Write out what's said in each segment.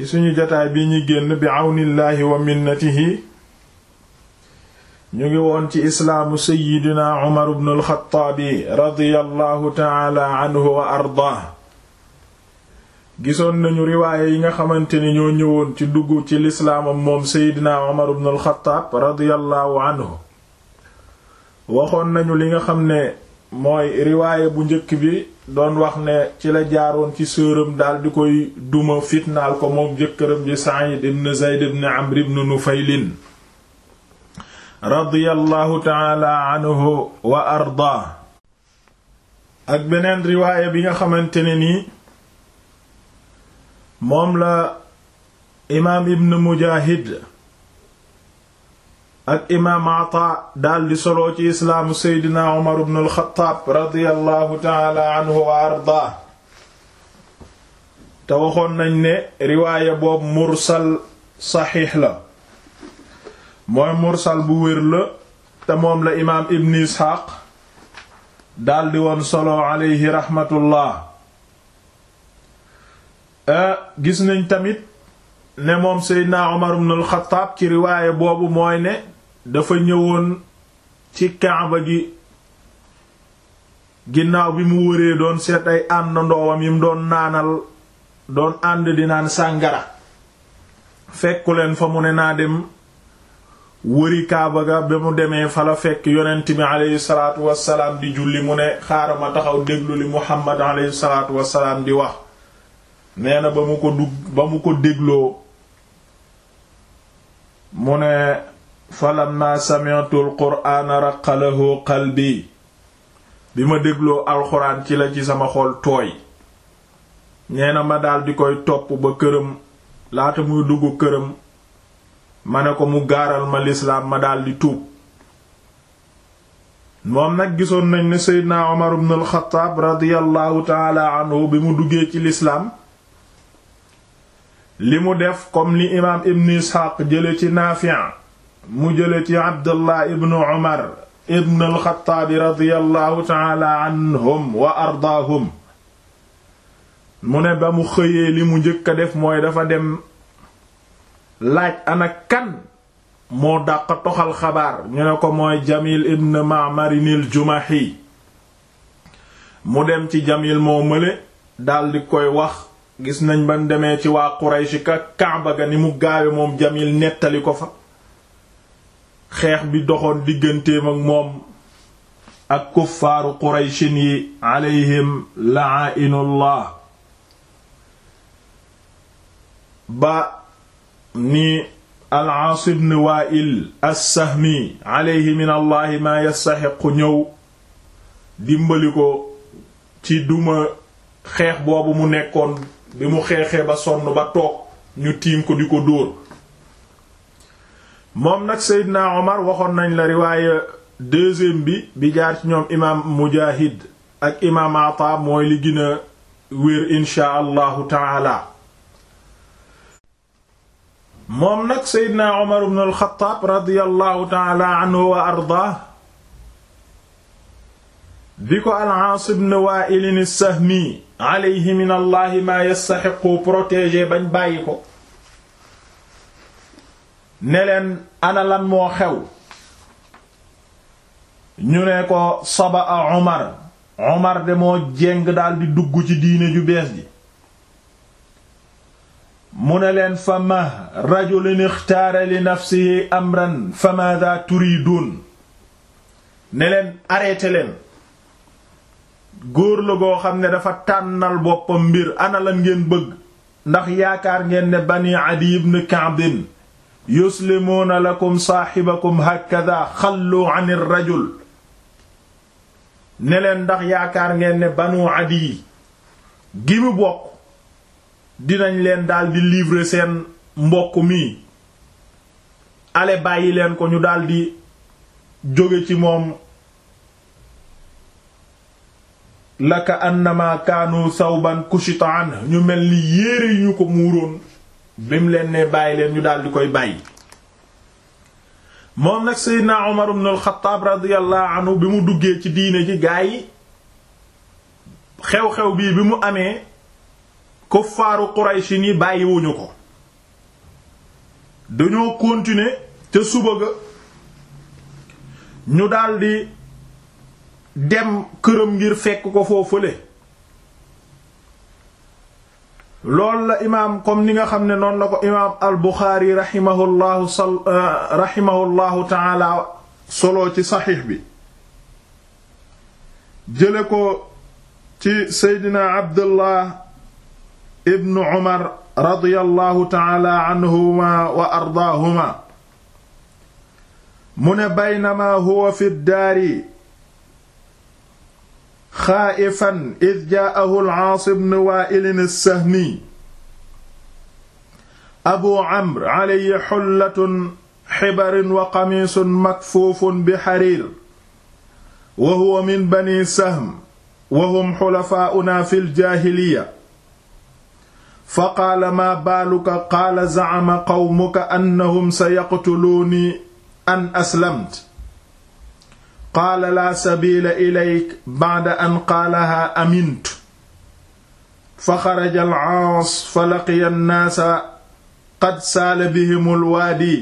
ci suñu jotaay bi ñu génn bi àwnillaahi wa minnatihi ñu ngi woon ci islaamu seyyidina umar bnu alxataabi radiyallahu taala wa ardaah gisoon nañu riwaaye yi nga xamante ni ñoo ñëwoon ci dugg ci lislaam moom seydina umar bnu alxataab radiyallahu waxoon nañu li nga xam ne mooy riwaaye bu njëkk bi doon wax ne ci la jaaroon ci sëram daal di koy duma fitnaal ko moom jëkkëram ji Sa'id ibn Zayd ibn Amr ibn Nufaylin radiyallahu taala anhu wa arda ak beneen riwaaye bi nga xamante ni nii moom la imaam ibn Mujahid ak imaam Ataa daldi solo ci islaamu seydina Umar ibn al-Xattaab radiyallahu anhu wa ardaa te waxoon nañ ne riwaaya boobu mursal saxiix la mooy mursal bu wér la te moom la imaam Ibn Isxaaq daldi woon solo aleyhi raxmatullah gis nañ tamit ne moom seydina Umar ibn al ci riwaaya boobu mooy ne dafa ñëwoon ci kaaba gi ginnaaw bi mu wëree doon seet ay ànd ndoowam yim doon naanal doon ànd di naan sàngara fekku leen fa mu ne naa dem wëri kaaba ga ba mu demee fala fekk yonent bi aleyhi salaatu wasalaam di julli mu ne xaaral ma taxaw déglu li Muhammad aleyhi salaatu wasalaam di wax nee na ba mu ko dugg ba mu ko dégloo mu ne falamma sami'tu alqur'aana raqa lahu qalbi bi ma dégloo alxuraan ci la ci sama xol tooy nee na ma daldi koy topp ba këram laata muy dugg këram ma ne ko mu gaaral ma lislaam ma daldi tuub moom nag gisoon nañ ni seydna omar ibn alxataab radiyallahu taala anhu bi mu duggee ci lislaam li mu def comme li imaam ibn isxaaq jële ci naafi'a mu jële ci abdullah ibnu umar ibn alxataabi radiallahu taala anhum wa ardaahum mu ne ba mu xëyee li mu njëkk def mooy dafa dem laaj ana kan moo dàq toxal xabaar ñu ne ko mooy jamil ibn maamarinil jumahi mu dem ci jamil moo mële daldi koy wax gis nañ ba demee ci waa quraysh ka kaaba ga ni mu gaawe moom jamil nettali ko fa xeex bi doxoon digganteem ak moom ak kuffaaru qurayshin yi alayhim la'ainullah ba ni al-Aas ibn Waa'il as-Sahmi alayhi min allahi maa ñëw dimbali ko ci duma xeex boobu mu nekkoon bi mu xeexee ba sonn ba toog ñu tiim ko di ko dóor moom nag Seydina Omar waxoon nañ la riwaaya deuxième bi bi jaar ci ñoom imaam Mujahid ak imaam Ata mooy li gën a wér insha allahu taala moom nag Seydina Omar ibn al-Khattab radiyallahu taala anhu wa arda bi ko al-Aas ibn Waa'il as-Sahmi alayhi min allahi maa yastaxiqu protégé bañ bàyyi ko neleen analan moo xew ñu ne ko saba a Umar Umar de moo jéng daldi dugg ci diine ju bees ji mu ne leen fa ma rajulun ixtaara li nafsihi amran fa maada turiduun ne leen arrêté leen góor la goo xam ne dafa tànnal boppam mbir ana ngeen bëgg ndax yaakaar ngeen ne bani Adi ibn Ka'b yuslimuuna lakum saaxibakum hakada xallu an irrajul ne leen ndax yaakaar ngeen ne banu adiyi gi bokk dinañ leen daldi livrer seen mbokk mi ale bàyyi leen ko ñu daldi jóge ci moom laka annama kaanu sawban kushita an ñu mel ni yére ñu ko muuroon bi mu leen ne bàyyi leen ñu daal koy bàyyi moom nag Seydina Omar ibn al-Khattab bi mu duggee ci diine ji gaa xew-xew bii bi mu amee kuffaaru Quraysh ni bàyyiwuñu ko dañoo continuer te suba ga ñu daldi dem këram ngir fekk ko foofule lool la imaam comme ni nga xam ne noonu la ko imaam al buxaari rahimahullahu sal euh, taala solo ci saxiix bi jële ko ci seydina abdullah ibnu umar radiyallahu taala anhuma wa ardaahuma mu ne baynama huwa fi daari xaaifan id jaahu al-Aas ibn Waa'il as-Sahmi abu amr alayhi xullatun xibarin wa qamiisun makfuufun bi xariir wa huwa min bani sahm wa hum xulafaa'unaa fi ljaahiliya fa qaala maa baaluka qaala zacama qawmuka annahum sayaqtuluuni an aslamtu qaala laa sabiila ilayk ba'da an qaalahaa amintu fa xaraja al-Aas fa laqiya an-naasa qad saala bihimu al-waadi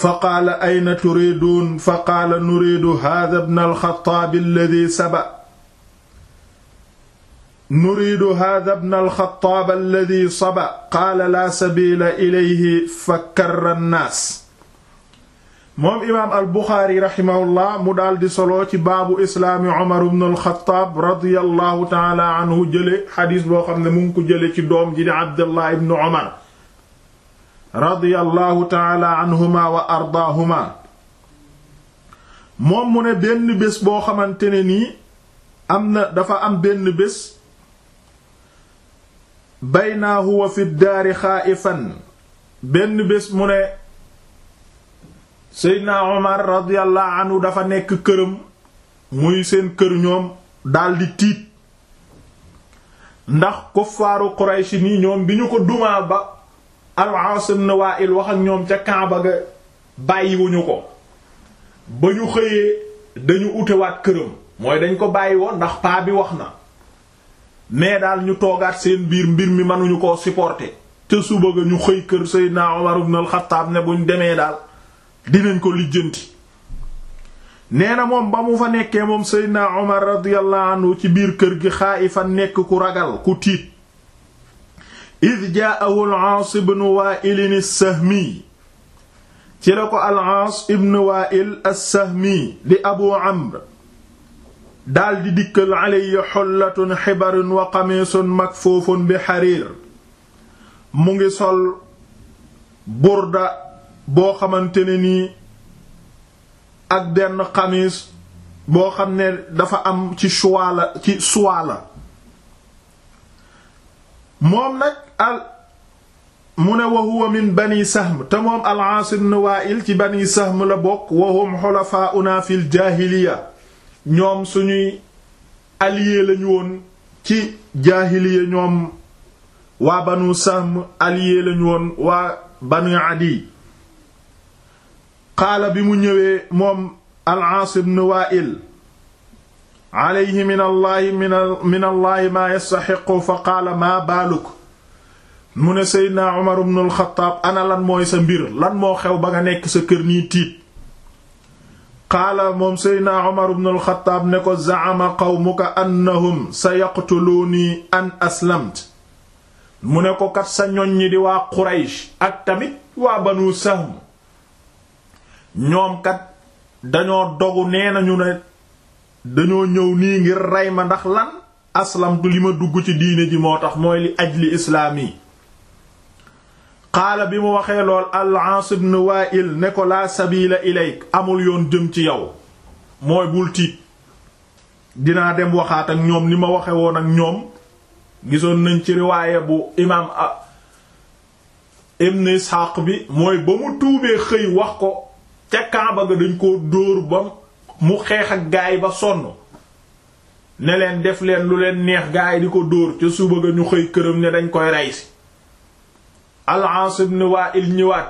fa qaala ayna turiiduun fa qaala nuriidu haadha ibna al-Xattaab alladhii saba nuriidu haadha ibna al-Xattaab alladhii saba qaala laa sabiila ilayhi fa karra an-naas moom imaam al buxaari raximahullah mu daldi solo ci baabu islaami omar ibn alxataab radiallahu taala anhu jële xadiis boo xam ne mu ngi ko jële ci doom ji di abdullah ibn omar radiallahu taala moom mu ne benn bés boo xamante ne nii am na dafa am benn bés baynaa huwa fi daari xaaifan benn bés mu ne seydna omar radiyallahu dafa nekk këram muy seen kër ñoom daldi tiit ndax kuffaaru quraysh nii ñoom bi ñu ko dumaa ba al-Aas ibn Waa'il wax ak ñoom ca Kaaba ga bàyyiwuñu ko ba ñu xëyee dañu utewaat këram mooy dañ ko bàyyi woon ndax paa bi wax na mais daal ñu toogaat seen biir mbir mi mënuñu ko supporter ca suba ga ñu xëy kër Seydina Omar ibn al-Khattab ne buñ demee daal dinañ ko lijjanti nee na moom ba mu fa nekkee moom seydna Omar radiyallahu ci biir kër gi xaaifan nekk ku ragal ku tiit id jaahu al-Aas ibn Waa'il as-Sahmi ci la ko al-Aas ibn Waa'il as-Sahmi di Abu Amr daldi dikkal alayhi xollatun xibarun wa qamiisun makfuufun bi xariir mu ngi sol burda boo xamante ne nii ak benn xamis boo xam ne dafa am ci choix la ci choix la moom nag al mu ne wa min bani sahm te moom al-Aas ibn Waa'il ci bani sahm la bokk wa hum xulafaa'unaa jaahiliya ñoom suñuy alliés lañu woon ci jaahiliya ñoom waa banu sahm alliés lañu woon waa banu Adi qaala bi mu ñëwee moom al-Aas ibn Waa'il alayhi min allahi min allahi fa qaala maa baaluk mu ne Seydina Umar ibn al-Xattaab ana lan mooy sa mbir lan moo xew ba nga nekk sa kër nii tiit qaala moom Seydina Umar ibn al-Xattaab ne ko za'ama qawmuka annahum sayaqtuluunii an aslamtu mu ne ko kat sa ñoñ waa Quraysh ak tamit waa Banu Sahm ñoom kat dañoo dogu nee nañu ne dañoo ñëw nii ngir rey ma ndax lan aslamtu li ma dugg ci diine ji moo tax mooy li ajli islaami qaala bi mu waxee lool al-Aas ne ko laa sabiila ilayk amul yoon jëm ci yow mooy bul tiit dinaa dem waxaat ak ñoom ni ma waxe woon ak ñoom gisoon nañ ci riwaaya bu imaam ibn bi mooy ba mu tuubee xëy wax ko ca Kaaba ga dañ ko dóor ba mu xeex ak gaay ba sonn ne leen def leen lu leen neex gaay di ko dóor ca suba ga ñu xëy këram ne dañ koy rey si Al-As ibn Wa'il ñëwaat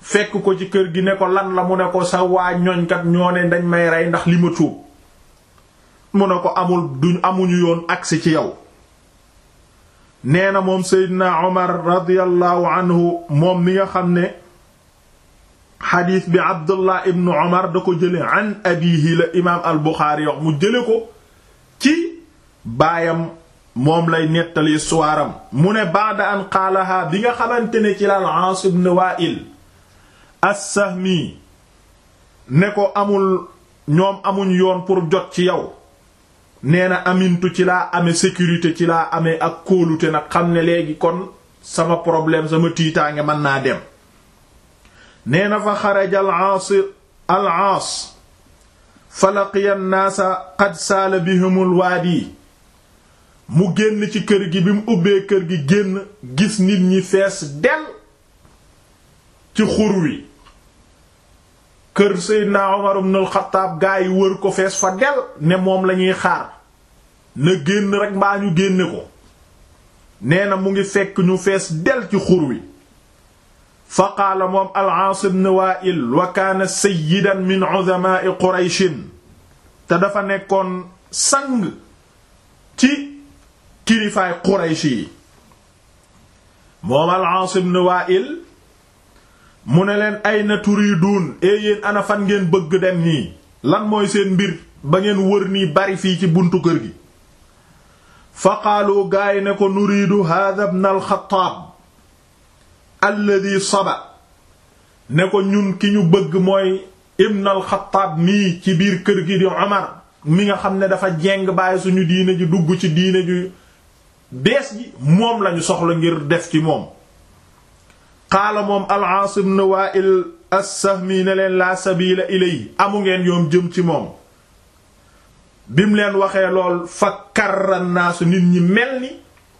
fekk ko ci kër gi ne ko lan la mu ne ko sa waa ñoñkat ñoo ne dañ may rey ndax li ma tuub mu ne ko amul amuñu yoon agsi ci yow nee na moom Seydina Omar radiyallahu moom mi nga xam ne xadiis bi abdullah ibnu omar da ko jële an abihi la imaam al buxaari wax mu jële ko ci baayam moom lay nettali suwaaram mu ne baada an qaalaha bi nga xamante ne ci laal Aas ibn Waa'il as ne ko amul ñoom amuñ yoon pour jot ci yow nee na amintu ci laa amee sécurité ci laa amee ak kóolute nag xam ne léegi kon sama problème sama tiitaange mën naa dem nee na fa xaraja al-Aas al-Aas fa laqiya an-naasa qad saala bihim waadi mu génn ci kër gi bi mu ubbee kër gi génn gis nit ñi fees del ci xur wi kër Seydina Umar ibn al-Xattaab gaa yi wër ko fees fa del ne moom lañuy xaar na génn rekk mbaa ñu génne ko nee na mu ngi fekk ñu fees del ci xur wi fa moom al-Aas ibn Waa'il wa kaana sayyidan min uzamaa'i Qurayshin te dafa nekkoon sang ci kilifaay Quraysh moom al-Aas ibn Waa'il mu ne leen ayna turiiduun ee eh, ana fan ngeen bëgg dem lan mooy seen mbir ba ngeen wër nii bari fii ci buntu kër gi fa qaalu gaay ne ko nuriidu haadha ibn al-Khattaab alladi saba ne ko ñun ki ñu bëgg mooy ibn alxataab mii ci biir kër gi di omar mi nga xam ne dafa jeng bàyyi suñu diine ji dugg ci diine ji bees gi moom lañu soxla ngir def ci moom qaala moom al-Aas ibn Waa'il as ne leen laa sabiila ilay amu ngeen yoom jëm ci moom bi mu leen waxee lool fa karra naasu nit ñi mel ni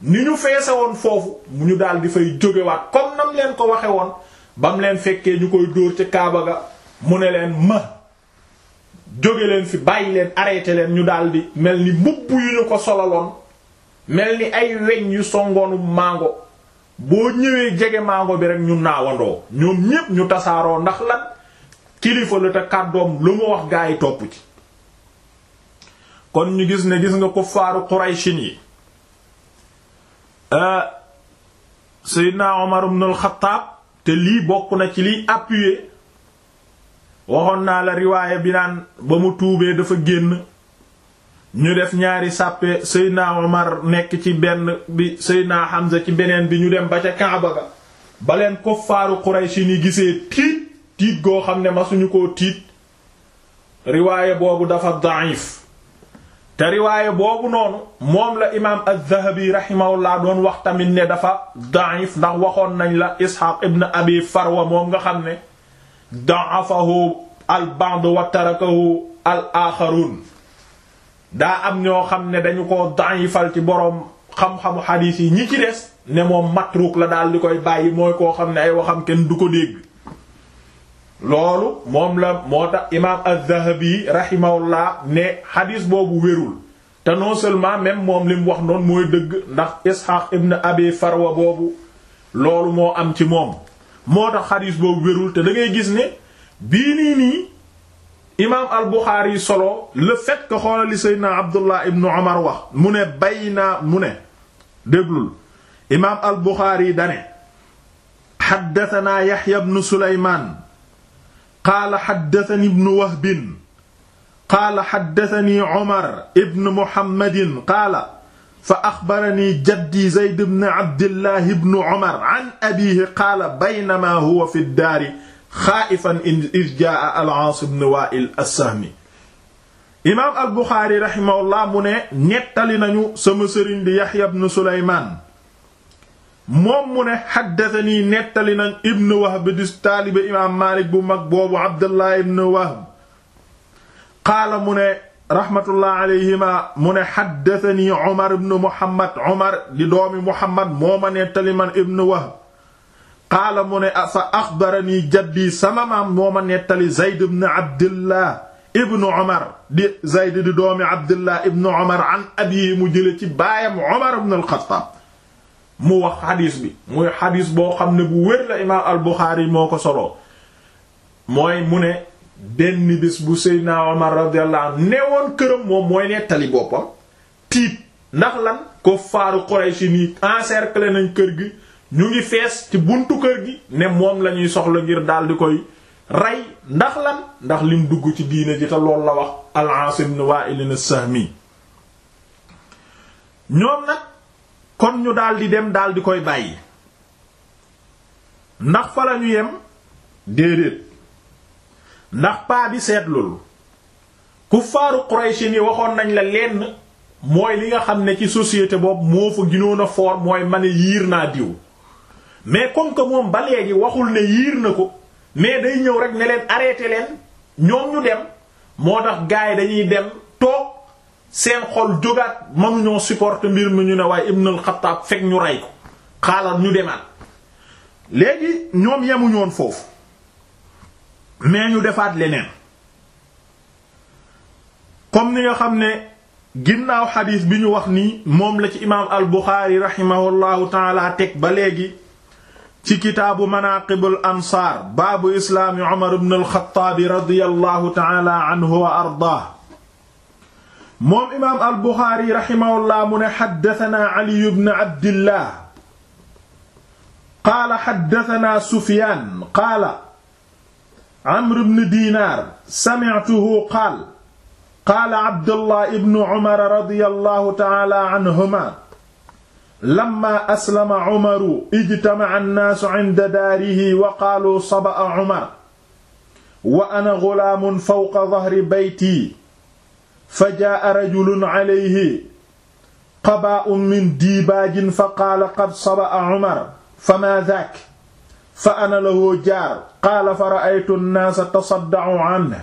ni ñu feesewoon foofu mu ñu daal di fay jógewaat comme nam leen ko waxe woon ba mu leen fekkee ñu koy dóor ci Kaaba ga mu ne leen ma jóge fi bàyyi leen arrêté leen ñu daal di mel ni mbubb yu ñu ko solaloon mel ni ay weñ yu songoonu mango boo ñëwee jege mango bi rek ñu naawandoo ñoom ñépp ñu tasaaroo ndax lan kilifa la te kàddoom lu mu wax gaa topp ci kon ñu gis ne gis nga ko faaru Quraysh yi Euh, sëy Omar ibn al-Khattab te lii bokk na ci liy appuyer waxoon naa la riwaaya bi ba mu tuubee dafa génn ñu def ñaari sàppe Seydina Omar nekk ci benn bi Seydina Hamza ci beneen bi ñu dem ba ca Kaaba ga baleen kuffaaru Qurayshi ni gisee tiit tiit goo xam ne masuñu koo tiit riwaaya boobu dafa da'if te riwaaye boobu noonu moom la imaam az-Zahabi rahimahullah doon wax tamit ne dafa da'if ndax waxoon nañ la Isxaaq ibn Abi Farwa moom nga xam ne da'afahu al-ba'd wa tarakahu al-aaxaruun daa am ñoo xam ne dañu ko da'ifal ci boroom xam-xamu xadiis yi ñi ci des ne moom matruk la daal di koy bàyyi mooy koo xam ne ay waxam kenn du ko dégg loolu moom la moo tax imaam az-Zahabi rahimahullah ne xadiis boobu wérul te noo seulement même moom li wax noon mooy dëgg ndax Isxaaq ibn Abi Farwa boobu loolu moo am ci moom moo tax xadiis boobu wérul te dangay gis ni bii nii nii imaam al solo le fait que xoolali Seydina Abdullah ibn Umar wax mu ne bay naa mu ne déglul imaam al-Buxaari dane xaddatanaa Yaxya ibn Sulaymaan qaala xaddatani ibnu wahbin qaala xaddatani omar ibn muhammadin qaala fa axbarani jaddi zayd bn abdillahi bn omar an abihi qaala baynama huwa fi ddaari xaaifan iz jaa al-aas bn waa'il as-sahmi imaam al-buxaari raximahullah mu ne ñettali nañu sama sëriñ di yaxya bn suleymaan moom mu ne xaddatanii nettali nañ ibn wahb di taalibe imaam maalik bu mag boobu abdullah ibn wahb qaala mu ne rahmatullah alayhima mu ne xaddatanii omar ibn muhammad omar di doomi muhammad mooma nettali man ibn wahb qaala mu ne fa axbaranii jaddi sama maam mooma nettali zayd ibn abdillah ibn omar di zayd di doomi abdillah ibn omar an abihi mu jële ci baayam omar ibn al-xattaab mu wax xadiis bi muy xadiis boo xam ne bu wér la imaam al moo ko solo mooy mu ne benn bés bu Seydina Omar radiyallahu anhu neewoon këram moom mooy nettali boppam tiit ndax lan ko faaru Quraysh nii encercler nañ kër gi ñu ngi fees ci buntu kër gi ne moom lañuy soxla ngir daal di koy rey ndax lan ndax lim dugg ci diine ji te loolu la wax al-Aas ibn Wa'il as ñoom nag kon ñu daldi dem daldi koy bàyyi ndax fa lañu yem déedéet ndax paa bi seetlul kuffaaru Quraysh ni waxoon nañ la lenn mooy li nga xam ne ci société boobu moo fa ginoon a mooy ma yiir naa diw mais comme que moom ba léegi waxul ne yiir na ko mais day ñëw rek ne leen arrêté leen ñoom ñu dem moo tax gaay dañuy dem seen xol jógaat mënuñoo supporter mbir mi ñu ne waaye Ibn al-Khattab fekk ñu rey ko xaalal ñu demaat léegi ñoom yemuñoon foofu mais ñu defaat leneen comme ni nga xam ne ginnaaw xadiis bi ñu wax nii moom la ci imaam al-Bukhari rahimahullahu taala teg ba léegi ci kitaabu manaqibul ansaar baabu islaami Umar ibn al-Khattab radiyallahu taala anhu wa ardaah moom imaam al buxaari raximahullah mu ne xaddatanaa aliyu bn abdillah qaala xaddatanaa sufyaan qaala amr bn diinaar samictuhu qaal qaala abdullah ibn umar radiyallahu taala anhuma lamma aslama umaru ijtamaca annaasu cinda daarihi wa qaaluu saba'a umar wa ana gulaamun fawqa dahri bayti fa jaa rajulun alayhi qabaa'un min diibaajin fa qaala qad saba'a Umar fa maa zaak fa ana lahu jaar qaala fa ra'aytu an-naasa tasadda'u anhu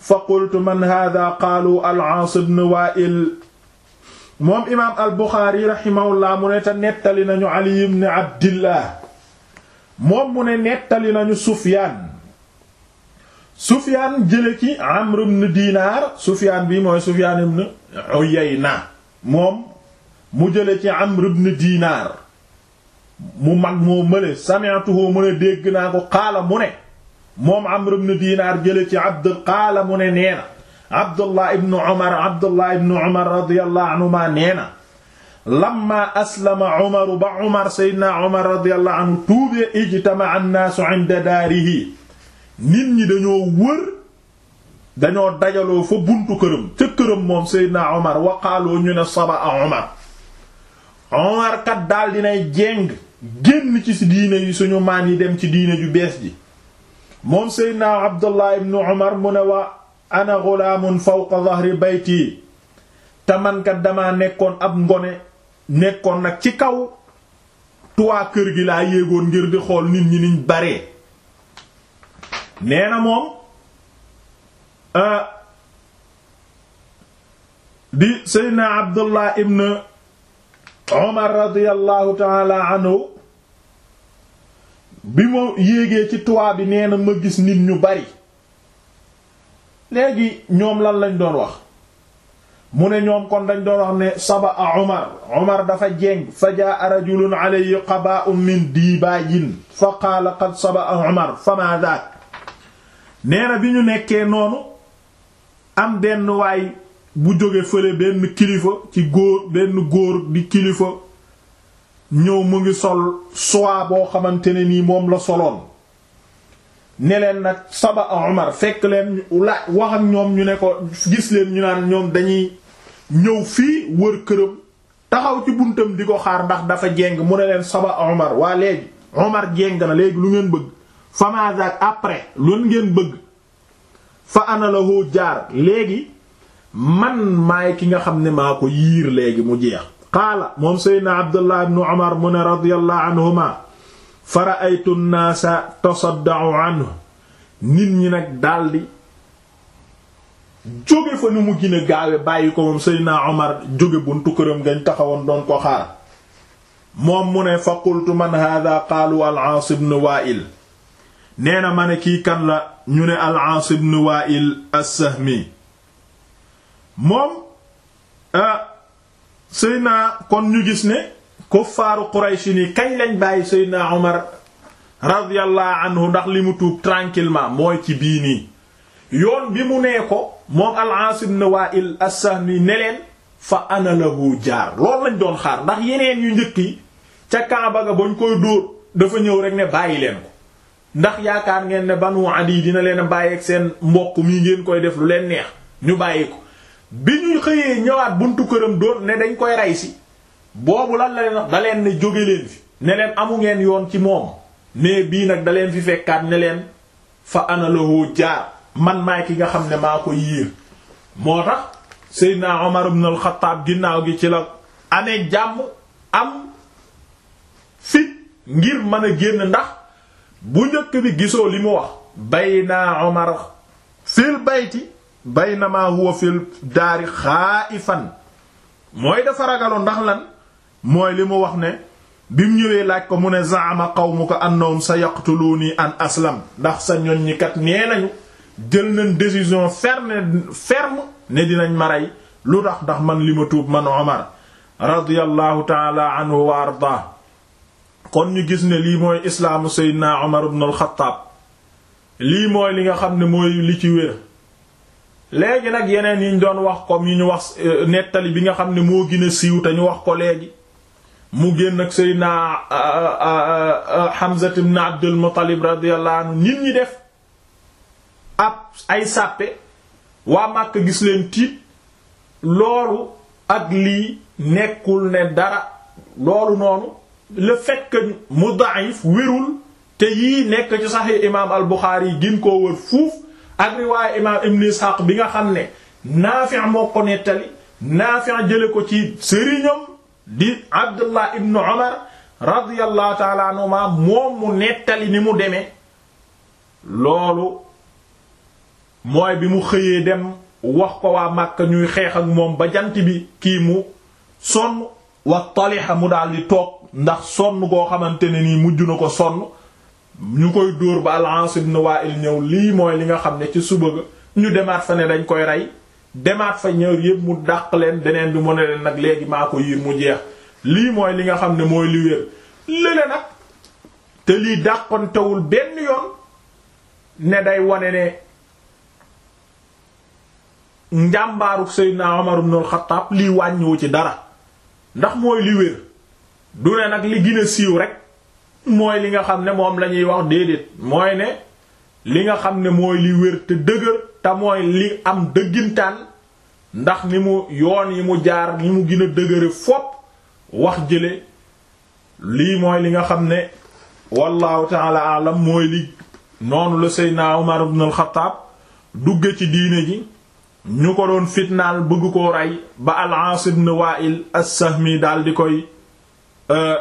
fa qultu man haadha qaalu al-Aas ibn Waa'il moom imaam al-Buxaari rahimahullah mu ne te nettali nañu Ali ibn Abdillah moom mu ne nettali nañu Sufyaan Sufyaan jële ci Amr ibn Dinaar Sufyaan bi mooy Sufyaan ibn Uyayna moom mu jële ci Amr ibn Dinaar mu mag moo mëne sami'tuhu mu ne dégg naa ko qaala mu ne moom Amr ibn Dinaar jële ci Abd qaala mu ne nee na Abdullah ibn Umar Abdullah ibn Umar radiyallahu anhuma nee na lamma aslama Umar ba Umar sayyidina Umar radiyallahu anhu tuubee ijtama'a an-naasu 'inda daarihi nit ñi dañoo wër dañoo dajaloo fa buntu këram ca këram moom Seydina Omar waqaaloo ñu ne saba a Omar Omar kat daal dinay jéng génn ci diine yi suñu maan yi dem ci diine ju bees ji moom Seydina Abdullah ibn Omar mu ne wa ana ghulaamun fawqa dhahri bayti te mankat dama nekkoon ab ngone nekkoon nag ci kaw tuwaa kër gi laa yéegoon ngir di xool nit ñi niñ baree nee na moom euh, di seydna abdullah ibn omar radiallahu taala anhu bi ma yéegee ci toit bi nee ma gis nit ñu bari léegi ñoom lan lañ doon wax mu ne ñoom kon dañ doon wax ne saba a omar dafa jeng fa jaa rajulun alayhi qabaa'un min dibaajin fa qaala qad saba a omar fa nee bi ñu nekkee noonu am benn waay bu jóge fële benn kilifa ci góor benn góor di kilifa ñëw mu ngi sol soie boo xamante ne nii moom la soloon ne leen nag saba Umar fekk leen la wax ñoom ñu ne ko gis leen ñu naan ñoom dañuy ñëw fii wër këram taxaw ci buntam di ko xaar ndax dafa jéng mu ne leen saba Umar waa léegi Umar jéng na léegi lu ngeen bëgg famazak après loolu ngeen bëgg fa ana lahu jaar léegi man maay ki nga xam ne maa ko yiir léegi mu jeex qaala moom seydna abdullah ibnu umar mu ne radiyallahu anhuma fa ra'aytu an-naasa tasadda'u anhu nit ñi nag daldi jóge fa nu mu gën a gaawe bàyyi ko moom seydna umar jóge buntu këram ngañ taxawoon doon ko xaar moom mu ne fa qultu man hadha qaalu al-aas ibn nee na ma ne kii kan la ñu ne al-Aas ibn Wa'il moom ah, Seydina kon ñu gis ne kuffaaru Quraysh ni kañ lañ bàyyi Seydina Omar radiyallahu ndax li mu tuub tranquillement mooy ci bii nii yoon bi mu nee ko moom al-Aas ibn Wa'il ne leen fa ana jaar loolu lañ doon xaar ndax yeneen yu njëkk yi ca Kaaba ga bañ koy dóor dafa ñëw rek ne bàyyi leen ko ndax yaakaar ngeen ne banu adi dina leen bàyyeeg seen mbokk mi ngeen koy def lu leen neex ñu bàyyi ko bi ñuy xëyee ñëwaat buntu këram doon ne dañ koy ray si boobu lan la leen wax ne jóge leen fi ne leen amu ngeen yoon ci moom mais bii nag da leen fi fekkaat ne leen fa ana lahoo jaar man maay ki nga xam ne maa ko yiir moo tax Seydina Omar ibn al ginnaaw gi ci la amee jàmm am fit ngir mën a génn ndax bu njëkk bi gisoo li mu wax bayna Umar fil bayti baynama huwa fil daari xaaifan mooy dafa ndax lan mooy li mu wax ne bi mu ñëwee laaj ko mu ne zaama qawmuka annahum sayaqtuluuni an aslam ndax sa ñoñ ñi kat nee nañu jël nañ décision ferme ferme ne dinañ ma lu tax ndax man li ma tuub man Umar radiyallahu taala anhu wa ardaa kon ñu gis ne lii mooy islaamu seydina Umar ibn al lii mooy li nga xam ne mooy li ci wér léegi nag yeneen yi ñu doon wax comme yi ñu wax euh, nettali bi nga xam ne moo gën a siiw te ñu wax ko léegi mu génn ak seydina euh, euh, Hamza ibn Abdul Muttalib radiyallahu anhu nit ñi def ab ay sàppe waa Màkka gis leen tiit loolu ak lii nekkul ne dara loolu noonu le fait que mu daif wérul te yii nekk ci saxi imaam al-Bukhari gin koo wër fuuf ak imaam ibn Ishaq bi nga xam ne Naafi' moo ko nettali Naafi' jële ko ci sëriñam di Abdullah ibn Umar radiyallahu taala moom mu nettali ni mu demee loolu mooy bi mu xëyee dem wax ko waa Makka ñuy xeex moom ba jant bi kii mu sonn wa taliha mu daal toog ndax sonn koo xamante ne nii mujj na ko sonn ñu koy dóor ba al-As ibn Wa'il ñëw lii mooy li nga xam ne ci suba ga ñu demaat fa ne dañ koy rey demaat fa ñëw yépp mu dàq leen deneen bi mu ne leen nag léegi maa ko yiir mu jeex lii mooy li nga xam ne mooy li wér lële nag te lii dàqontewul benn yoon ne day wane ne njàmbaaru Seydina Umar ibn al-Khattab lii wàññiwu ci dara ndax mooy li wér du ne nag li gën siiw rek mooy li nga xam ne moom lañuy wax déedéet mooy ne li nga xam ne mooy li wér te dëgër te mooy li am dëggintaan ndax ni mu yoon yi mu jaar ni mu gën a dëgëre fopp wax jële lii mooy li nga xam ne wallahu taala alam mooy li noonu la Seydina Umar ibn al dugge ci diine ji ñu ko doon fitnaal bëgg koo rey ba al-Aas Wa'il as-Sahmi di koy Euh,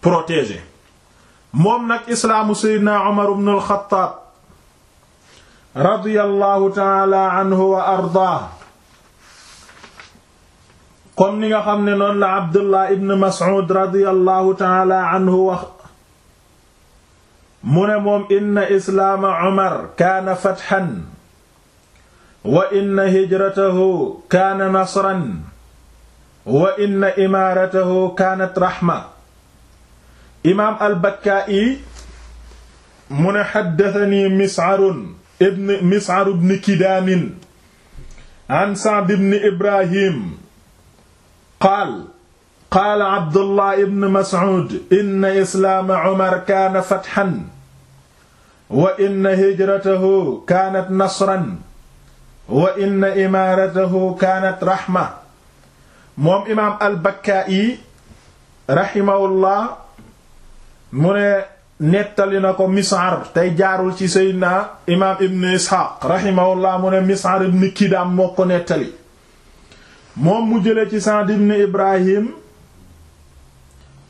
protégé moom nag islaamu seydina Umar ibn al-Khattab radiyallahu taala anhu wa ardaa comme ni nga xam ne noonu la Abdullah ibn Mas'ud radiyallahu taala anhu wax mu ne moom inna islaama Umar kaana fathan wa inna hijratahu kaana nasran wa inna imaaratahu kaanat raxma imaam al-Bakkaa'i mu ne xaddatani miscarun ibn miscar ibn kidaamin an Sa'd ibn Ibrahim qaal qaala Abdullah ibn Mas'ud inna islaama Umar kaana fatxan wa inna hijratahu kaanat nasran wa inna imaaratahu kaanat raxma moom imaam al-Bakka'i rahimahullah mu ne nettali na ko Mis'ar tey jaarul ci Seydina imaam Ibn Ishaq rahimahullah mu ne Mis'ar ibn Kidam moo ko nettali moom mu jële ci Sa'd ibn Ibrahim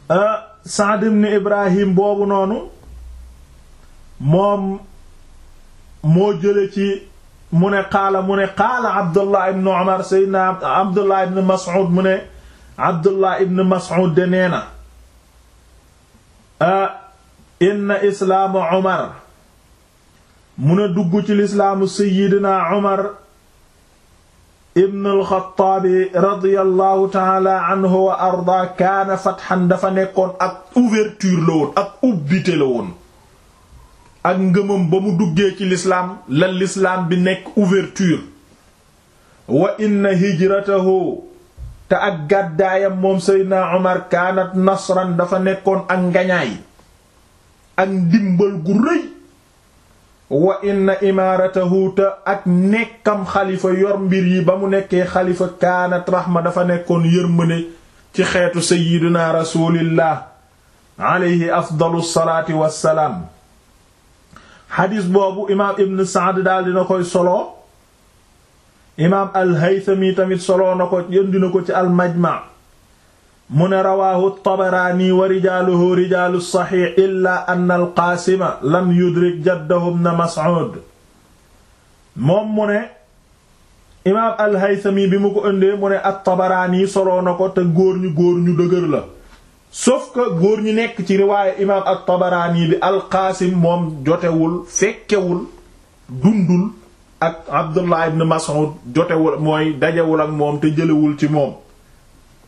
ah, Sa'd ibn Ibrahim boobu noonu moom moo jële ci mu ne qaala mu ne qaala Abdullah ibn Umar sayyidina Abdullah ibn Mas'ud mu ne Abdullah ibn Mas'ud de nee na ah, inna islaamu Umar mu ne dugg ci lislaamu sayyidina Umar ibn al-Khattaab radiyallahu ta'ala anhu wa arda kaana fathan dafa nekkoon ak ouverture la woon ak ubbite la woon ak ngëmam ba mu duggee ci lislaam la lislaam bi nekk ouverture wa inna hijratahu te ak gàddaayam moom seydna omar kaanat nasran dafa nekkoon ak ngañaay ak ndimbal gu rëy wa inna imaaratahu te ak nekkam xalifa yor mbir yi ba mu nekkee xalifa kaanat raxma dafa nekkoon yërmëne ci xeetu seydina rasulillah alayhi afdalu salaati wassalaam xadis boobu imaam ibn Saad daal dina koy solo imaam al tamit solo na ko indi na ko ci al-Majma mu ne rawaahu at-Tabaraani wa rijaaluhu rijaalu as-saxiix illaa anna al lam yudrik jaddahu ibn Mas'uud moom mu ne imaam al bi mu ko indee mu ne at-Tabaraani solo na ko te góor ñu góor ñu dëgër la. sauf góor ñi nekk ci riwaaye imaam at-Tabarani bi al-Qasim moom jotewul fekkewul dundul ak Abdullah ibn Mas'ud jotewul mooy dajewul ak moom te jëlewul ci moom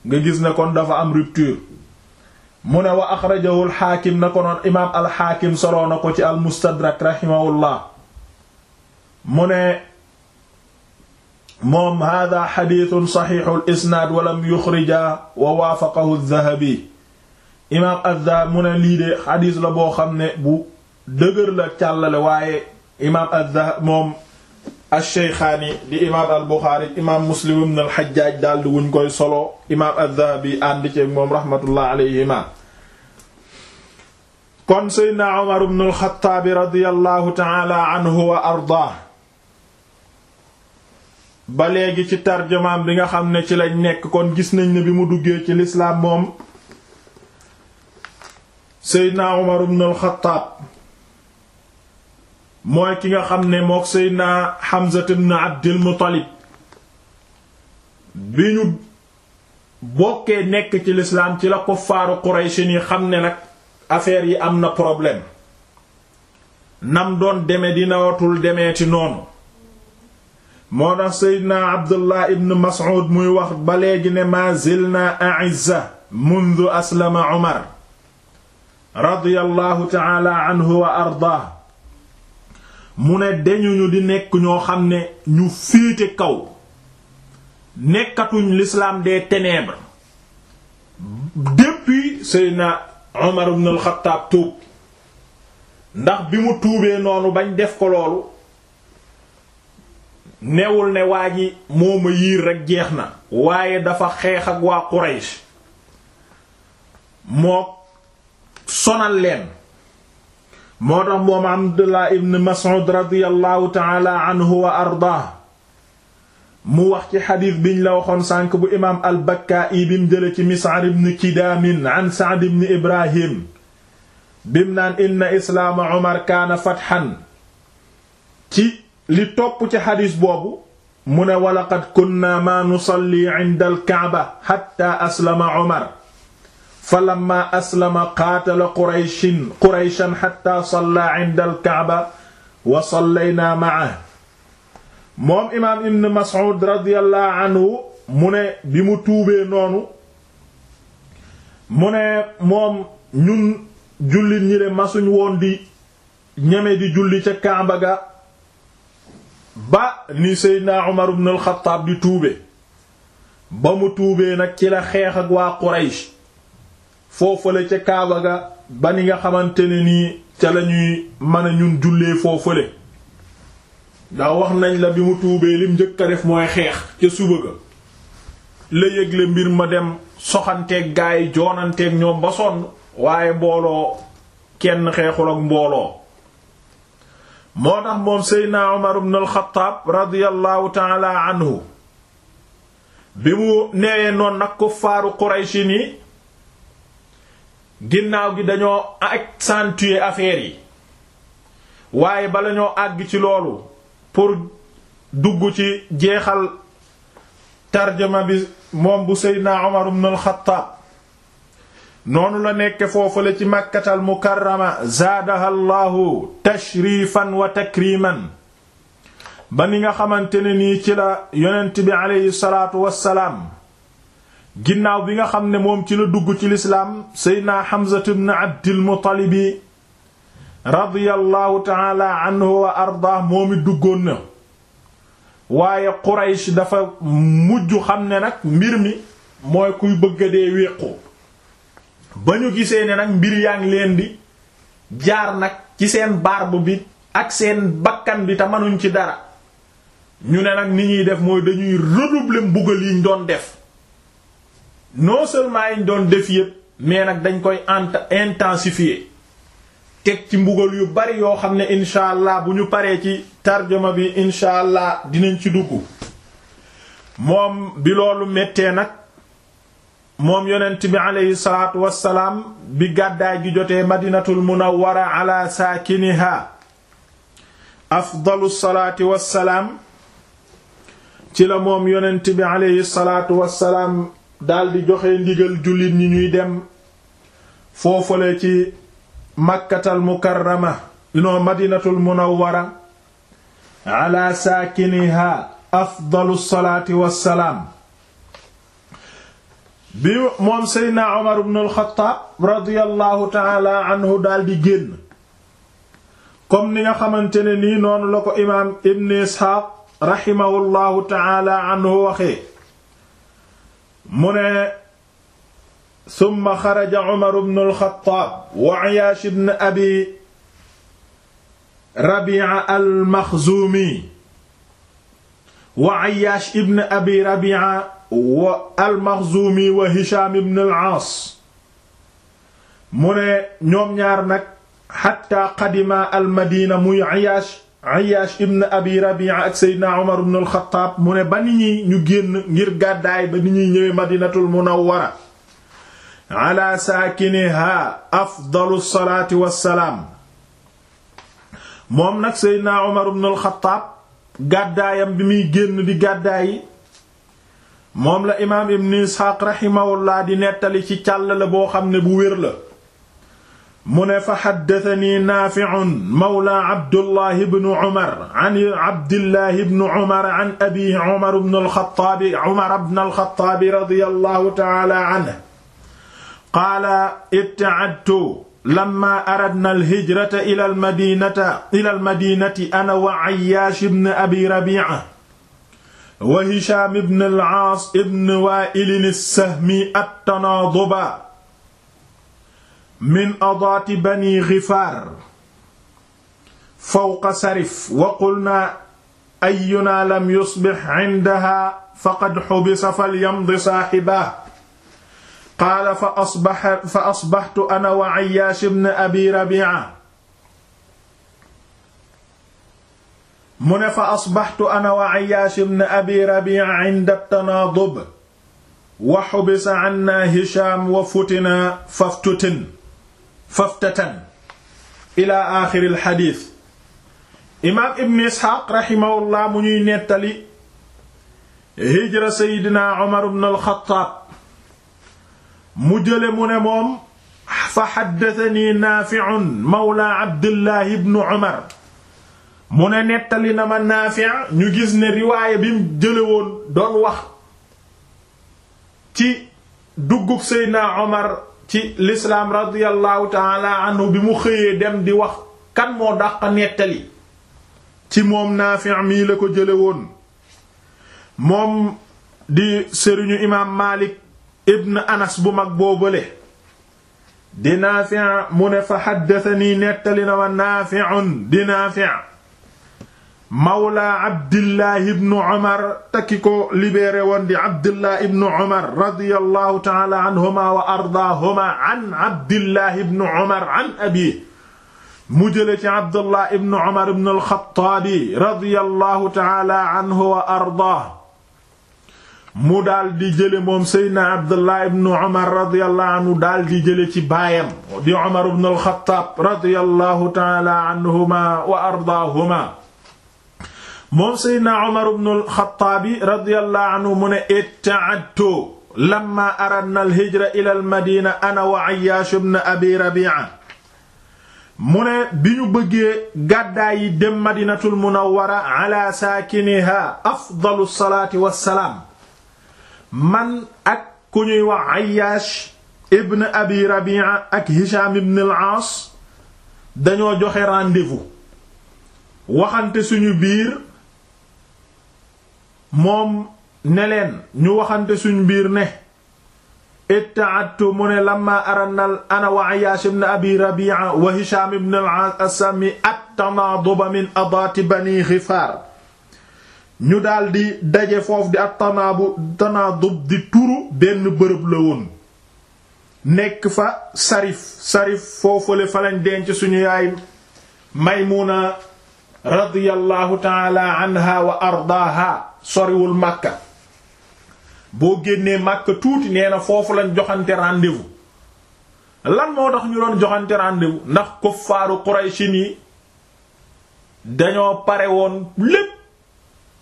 nga gis ne kon dafa am rupture mu ne wa axrajahu al-Hakim na ko noon imaam al-Hakim soloo ko ci al-Mustadrak rahimahullah mu ne moom hada xaditun saxixu al isnaad walam yuxrija wa waafaqahu az-Zahabi imaam Azzahabi mu ne lii de xadiis la boo xam ne bu dëgër la càllale waaye imaam Azzahabi moom ash-Shaykhaani di imaam al-Buxaari imaam Muslim ibn al-Hajjaaj daal di wuñ koy solo imaam Azzahabi ànd ceeg moom rahmatullah alayhima kon wa ardaah ba léegi ci tarjumaam bi nga xam ne ci lañ nekk kon gis nañ ne bi mu duggee ci lislaam moom seydna umar ibn al mooy ki nga xam ne mook seydna Hamza ibn Abdul Muttalib bi ñu bokkee nekk ci lislaam ci la ko faaru Quraysh xam ne nag affaire yi am na problème nam doon deme dina watul demeeti noonu moo tax seydna Abdullah ibn Mas'ud muy wax ba léegi ne ma zilna a'izza mundu aslama Umar radiyallahu taala mu ne deñuñu di nekk ñoo xam ne ñu féete kaw nekkatuñ lislaam de ténèbres depuis Seydina Omar ibn al tuub ndax bi mu tuubee noonu bañ def ko loolu newul ne waa ji moo ma yiir rekk jeex na waaye dafa xeex ak waa Quraysh sonal leen moo tax moom Abdullah ibn Mas'ud radiyallahu ta'ala anhu wa ardaah mu wax ci xadiis biñ la waxoon sànk bu imaam al-Bakka'i bim jële ci Mis'ar ibn Kidaamin an Sa'd ibn Ibrahim bim naan inna islaama Umar kaana fatxan ci li topp ci xadiis boobu mu ne walaqad kunna maa nusalli inda al-Ka'ba hatta aslama Umar falamma aslama qaatala qurayshin qurayshan xatta salla inda alkaaba wa sallayna maah moom imaam ibn mas'ud radiyallahu anhu mu ne bi mu tuubee noonu mu ne moom ñun jullit ñi de masuñ woon di ñeme di julli ca kaaba ga ba ni seydna umar ibn alxataab di tuube ba mu tuubee nag ci la xeex ak quraysh foofale ca kaaba ga ba nga xamante ne nii ca la ñuy mën a ñun jullee foofale daa wax nañ la bi mu tuubee lim njëkk a def mooy xeex ca suba ga la yëgle mbir ma dem soxanteeg gaay joonanteeg ñoom ba sonn waaye mbooloo kenn xeexul ak mbooloo moo tax moom seydna Umar ibn al-Khattab radiyallahu taala anhu bi mu neewee noonu nag kuffaaru Quraysh ni ginnaaw gi dañoo accentuer affaire yi waaye bala ñoo àgg ci loolu pour dugg ci jeexal tarjama bi moom bu seydna Umar ibn al noonu la nekk foofu la ci Makkatal Mukarrama zaadaha llahu tashrifan wa takriman ba ni nga xamante ne nii ci la yonent bi aleyhi salaatu wassalaam ginnaaw bi nga xam ne moom ci la dugg ci lislaam seydna Hamza ibn Abdil Muttalib radiyallahu taala anhu wa ardaah moom it duggoon na waaye Quraysh dafa mujj xam ne nag mbir mi mooy kuy bëgg a dee wéqu ba ñu gisee ne nag mbir yaa ngi leen di jaar nag ci seen barbe bi ak seen bakkan bi te mënuñ ci dara ñu ne nag ni ñuy def mooy dañuy redoubler mbugal yiñ doon def non seulement yiñ doon def yëpp mais nag dañ koy intensifier teg ci mbugal yu bari yoo xam ne incha allah bu ñu paree ci tarjuma bi incha allah dinañ ci dugg moom bi loolu méttee nag moom yonent bi aleyhi salaatu wassalaam bi gàddaay gi jotee madinatul munawwara ala saakiniha afdalu salaati wassalaam ci la moom yonent bi aleyhi salaatu wassalaam daldi joxe ndigal jullit ñi ñuy dem foofale ci makkatal mukarrama noo madinatul munawwara ala saakiniha afdalu salaati wassalaam bi moom seydna omar ibn alxataab radiyallahu taala anhu daldi génn comme ni nga xamante ne nii noonu la ko imaam ibn isxaaq rahimahullahu taala anhu waxee mu ne summa xaraja Umar ibn al-Khattab wa Ayaash ibn Abi Rabi'a al-Makhzumi wa Ayaash ibn Abi Rabi'a wa al-Makhzumi wa Hisham ibn al-Aas mu ne ñoom ñaar nag hatta qadima al-Madina muy Ayaash Ayyash ibn Abi Rabi'a ak Seydina Umar ibn al mu ne ba nit ñi ñu génn ngir gàddaay ba nit ñi ñëwee Madinatul Munawwara ala saakiniha afdalu salaati wassalaam moom nag Seydina Umar ibn al gàddaayam bi muy génn di gàddaayi moom la imaam Ibn Isxaaq rahimahullah di nettali ci càll la boo xam ne bu wér la mu ne fa xaddatani naafiun mawla abdullahi bnu umar an abdillahi bnu umar an abihi umar bnu alxataabi umar bnu alxataabi radiyallahu taala anhu qaala ibtaadtu lamma aradna alhijrata ila almadinata ila almadinati ana wa ayyaash bn abi rabi'a wa hishaam bn al-aas ibn waa'il as-sahmi at-tanaaduba min adaati bani gifaar fawqa sarif wa qulnaa ayyunaa lam yusbix cindahaa faqad xubisa falyamdi saaxibaah qaala fa asbaxa fa asbaxtu ana wa Ayyaash ibn Abi Rabiica mu ne fa asbaxtu ana wa Ayyaash ibn Abi Rabiica cinda tanaadub wa xubisa cannaa Hishaam wa futina faftutin faftatan ila axiril xadiis imaam ibn isxaaq raximahullah mu ñuy nettali hijra seydina omar ibn alxataab mu jële mu ne moom fa xaddatani naafiun mawla abdillahi ibn omar mu ne nettali na ma naafi' ñu gis ne riwaaya bi mu jële woon doon wax ci duggub seydina omar ci lislaam radiyallahu taala anhu bi mu xëyee dem di wax kan moo dàq nettali ci moom Naafi' mii la ko jële moom di sëriñu imaam Maalik ibn Anas bu mag boobale di Naafi' mu ne fa haddathanii nettali na wa Naafi'un di Naafi' mawla abdillah ibnu omar takki ko libéré woon di abdillah ibnu omar radiyallahu taala anhuma wa ardaahuma an abdillah ibnu omar an abi mu jële ci abdullah ibnu omar ibnu alxataabi radiyallahu taala anhu wa ardaah mu daal di jële moom seydna abdullah ibnu omar radiyallahu anhu daal di jële ci baayam di omar ibnu alxataab radiyallahu taala anhuma wa ardaahuma moom seydna Umar ibn al-Khattaab radiyallahu anhu mu ne itta'adtu lamma aradna al-hijra ila al-madina ana wa Ayyaash ibn Abi Rabi'a mu ne bi ñu bëggee gàddaa yi dem madinatul munawwara ala saakiniha afdalu salaati wassalaam man ak ku ñuy wax Ayyaash ibn Abi Rabi'a ak Hisham ibn al-Aas dañoo joxe rendez-vous waxante suñu biir moom ne leen ñu waxante suñ biir ne ittaattu mu ne lamma aranal ana wa Ayyash ibn Abi Rabi'a wa Hisham ibn al-As at-tanaaduba min adaati bani Ghifaar ñu daldi daje foofu di at-tanaabu tanaadub di turu benn bërëb la woon nekk fa sarif sarif foofale fa lañ denc suñu yaay Maymuna radiyallahu ta'ala wa ardaaha soriwul màkka boo génnee Makka tuuti nee na foofu lañ joxante rendez-vous lan moo tax ñu doon joxante rendez ndax kuffaaru Quraysh yi dañoo pare woon lépp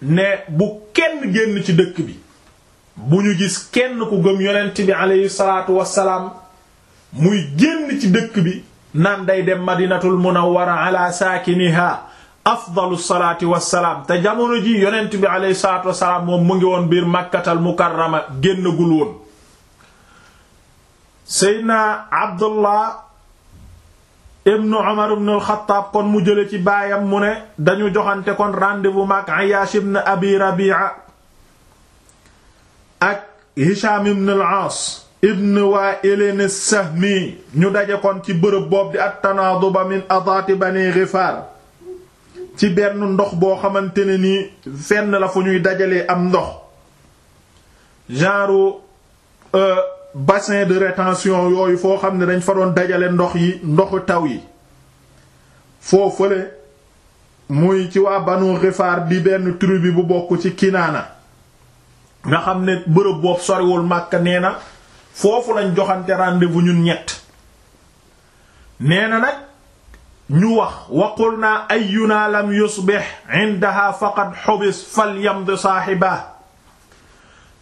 ne bu kenn génn ci dëkk bi bu ñu gis kenn ku gëm yonent bi aleyhi salaatu wassalaam muy génn ci dëkk bi naan day dem madinatul munawwara ala saakiniha afdalu salaati wassalaam te jamono ji yonent bi alayhi salaatu mu ngi woon biir makkatal mukarrama génnagul woon seydna abdullah ibnu mu jële ci baayam mu ne dañu joxante kon rendez-vous maak abi rabia ak hisham ibnu al-aas ibn waa'il sahmi ñu daje kon ci bërëb boobu di at-tanaaduba min adaati bani gifaar ci benn ndox boo xamante ne nii fenn la fu ñuy dajalee am ndox genre euh, bassin de rétention yooyu foo xam ne dañ fa doon dajale ndox yi ndoxu taw yi foofale muy ci waa banu Gifaar di benn tribu bu bokk ci Kinaana nga xam ne bërëb boobu soriwul Makka nee na foofu lañ joxante rendez-vous ñun ñett nee na nag ñu wax wa qulnaa ayyunaa lam yusbih indaha faqad hubis falyamd saahiba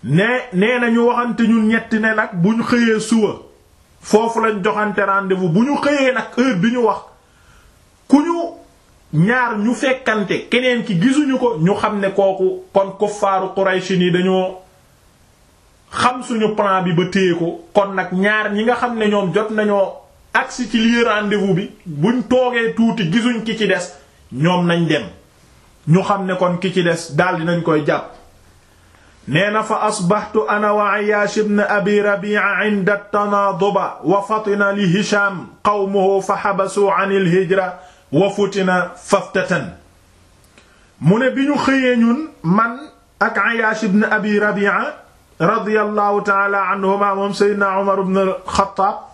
ne nee na ñu waxante ñun ñetti ne nag bu ñu xëyee suba foofu lañ joxante rendez bu ñu xëyee nag heure bi ñu wax ku ñu ñaar ñu fekkante keneen ki gisuñu ko ñu xam ne kooku kon kuffaaru Quraysh ni dañoo xam suñu plan bi ba téye kon nag ñaar ñi nga xam ne ñoom jot nañoo agsi ci lieu rendez-vous bi buñ toogee tuuti gisuñ ki ci des ñoom nañ dem ñu xam ne kon ki ci des daldi nañ koy jàpp nee na fa asbaxtu ana wa Ayaash ibn abi rabi'a inda fa xabasuu an il hijra ñu man ak Ayaash ibn abi ta'ala anhuma moom Seydina Umar al-Khattab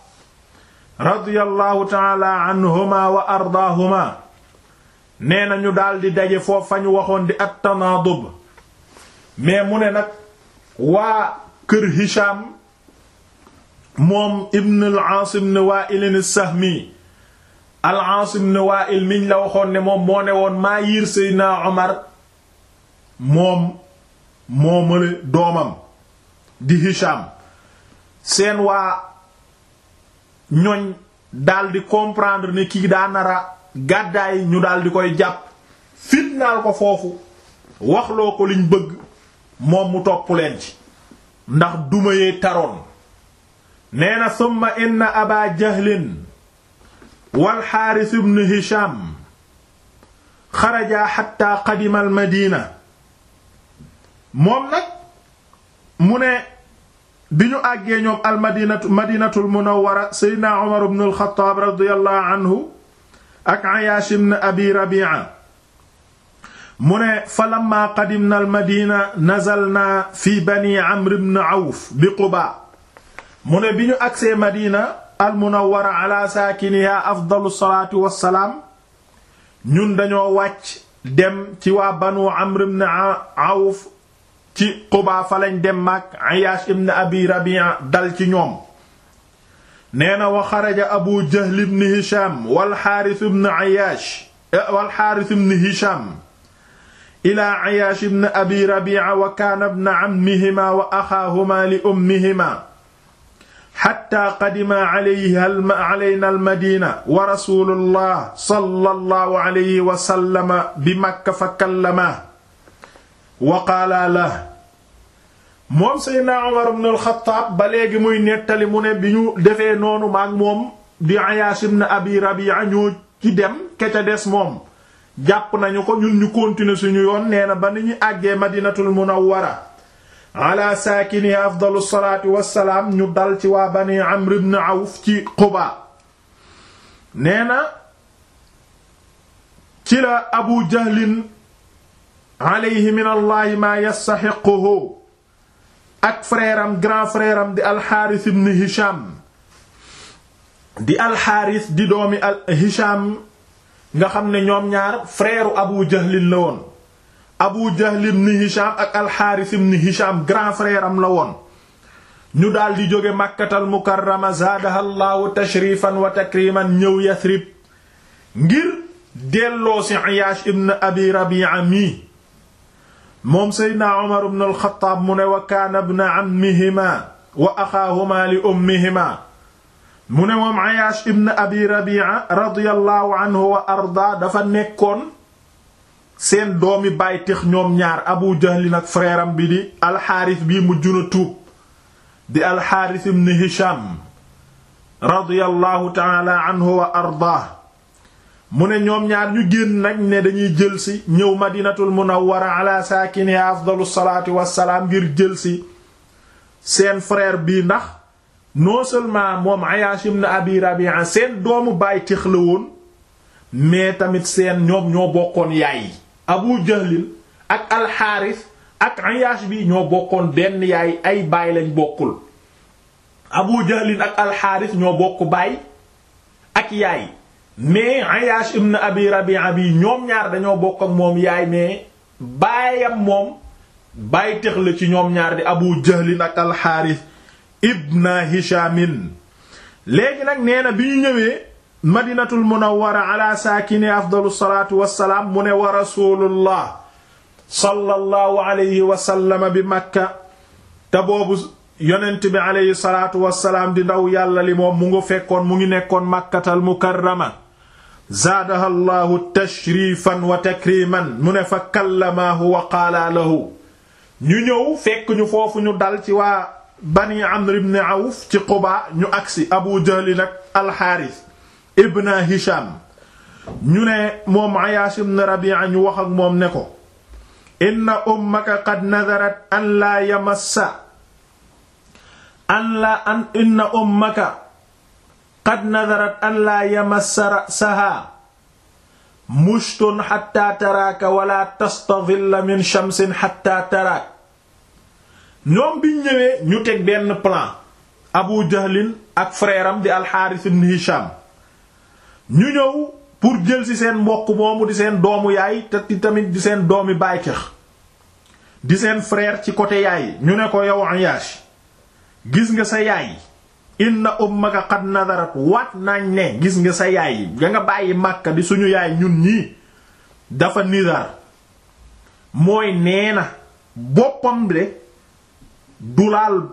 radiyallahu taala anhuma wa ardaahuma nee na ñu daldi daje foofu fa ñu waxoon di at-Tanaadub mais mu ne nag waa kër Hisham moom ibn al-Aas ibn sahmi al-Aas ibn miñ la waxoon ne moom moo ne woon maa yiir Seydina Omar moom moo mële doomam di Hisham seen waa ñoñ daal di comprendre ne kii daa gàddaay ñu daldi koy jàpp fitnaal ko foofu waxloo ko liñ bëgg moom mu topp leen ci ndax duma yee taroon nee na summa inna aba jahlin wal xaaris ibn hisham xarajaa xatta qadima al madina moom nag mu ne bi ñu àggee ñoom al madinatu madinatul munawwara umar ibn al xattaab anhu ak ayaash ibn abi rabi'a mu ne fa lamma qadimna al nazalna fi bani amr ibn awf bi qubaa mu ne bi ñu agsee madina al ala saakiniha afdalu salaatu wassalaam ñun dañoo wàcc dem ci waa banu amr ibn awf ci Quba fa lañ dem maag Ayyash ibn Abi Rabi'a dal ci ñoom nee na wa xaraja Abu Jahl ibn Hisham wal Harith ibn Ayyash wal Harith ibn Hisham ila Ayyash ibn Abi Rabi'a wa kaana ibn ammihima wa axaahuma li ummihima xatta qadima alayna almadina wa rasulullah sallallahu alayhi wa sallama bi Makka fa kallama waqaala la moom Seydina Umar ibn al-Khattab ba léegi muy nettali mu ne bi ñu defee noonu maag moom di Ayaash ibn Abi Rabi'a ñoo ci dem ke des moom jàpp nañu ko ñun ñu continuer suñu yoon nee na ba ni ñuy àggee Madinatul Munawwara ala saakini afdalu salaati wassalaam ñu dal ci waa Bani Amr ibn Awf ci Quba nee na ci la Abu Jahlin alayhi min allahi maa yastaxiquhu ak frère grand frère di alxaaris ibn hisham di alxaaris di doomi al hisham nga xam ne ñoom ñaar frère abu jahlin la woon abu jahl ibn hisham ak alxaaris ibn hisham grand frère la woon ñu daal di jóge màkkatal mukarrama zaadaha llaahu tashrifan wa takriman ñëw yasrib ngir delloo ci ibn abi Rabi'a mi moom seydna Umar ibn al-Khattab mu ne wa kaana ibna ammihima wa axaahuma li ummihima mu ne moom Ayaash ibn abi Rabi'a radiyallahu anhu wa arda dafa nekkoon seen doomi baay tix ñoom ñaar Abu Jahl nag frère am bi di alxaaris bii mujj na tuub di alxaaris ibn Hisham radiyallahu ta'ala anhu wa arda mu ne ñoom ñaar ñu génn nag ne dañuy jël si ñëw madinatul munawwara ala saakini afdalu salaatu wassalaam ngir jël si seen frère bii ndax non seulement moom Ayaash ibn Abi Rabi'a seen doomu baay téex la woon mais tamit seen ñoom ñoo bokkoon yaay yi Abu Jahlin ak Alxaaris ak Ayaash bi ñoo bokkoon benn yaay ay baay lañ bokkul Abu Jahlin ak Alxaaris ñoo bokk baay ak yaay mais Ayash ibn Abi Rabi'a bi ñoom ñaar dañoo bokk ak moom yaay mais baayam moom bàyyi tex la ci ñoom ñaar di Abu Jahlin ak al-Harith ibn Hishamin léegi nag nee na bi ñu ñëwee Madinatul Munawwara ala saakini afdalu salaatu wassalaam mu ne wa rasulullah sallallahu alayhi wa sallam bi Makka te boobu yonent bi aleyhi salaatu wassalaam di ndaw yàlla li moom mu nga fekkoon mu ngi nekkoon màkkatal mukarrama zaadaha llahu tashrifan wa takriman mu ne fa kallamaahu wa qaala lahu ñu ñëw fekk ñu foofu ñu dal ci waa bani amr ibn awf ci qubaa ñu agsi abu jahl nag alxaaris ibn hisham ñu ne moom ayaash ibn rabi'a ñu wax moom ne ko inna ummaka qad nadarat an laa yamassa an la an inna ummaka qad nadarat an laa yamassa ra'sahaa mushtun xatta taraaka wala tastadilla min shamsin xatta taraak ñoom biñ ñëwee ñu teg benn plan abu jahlin ak frère di alxaaris ibn ñu ñëw pour jël ci seen mbokk moomu di seen doomu yaay te tamit di seen doomi baay di seen frère ci côté yaay ñu ne ko yow Ayash gis nga sa yaay inna ummaka qad nadarat waat nañ ne gis nga sa yaay da nga bàyyi màkka bi suñu yaay ñun ñii dafa nidar mooy nee na boppam de du laal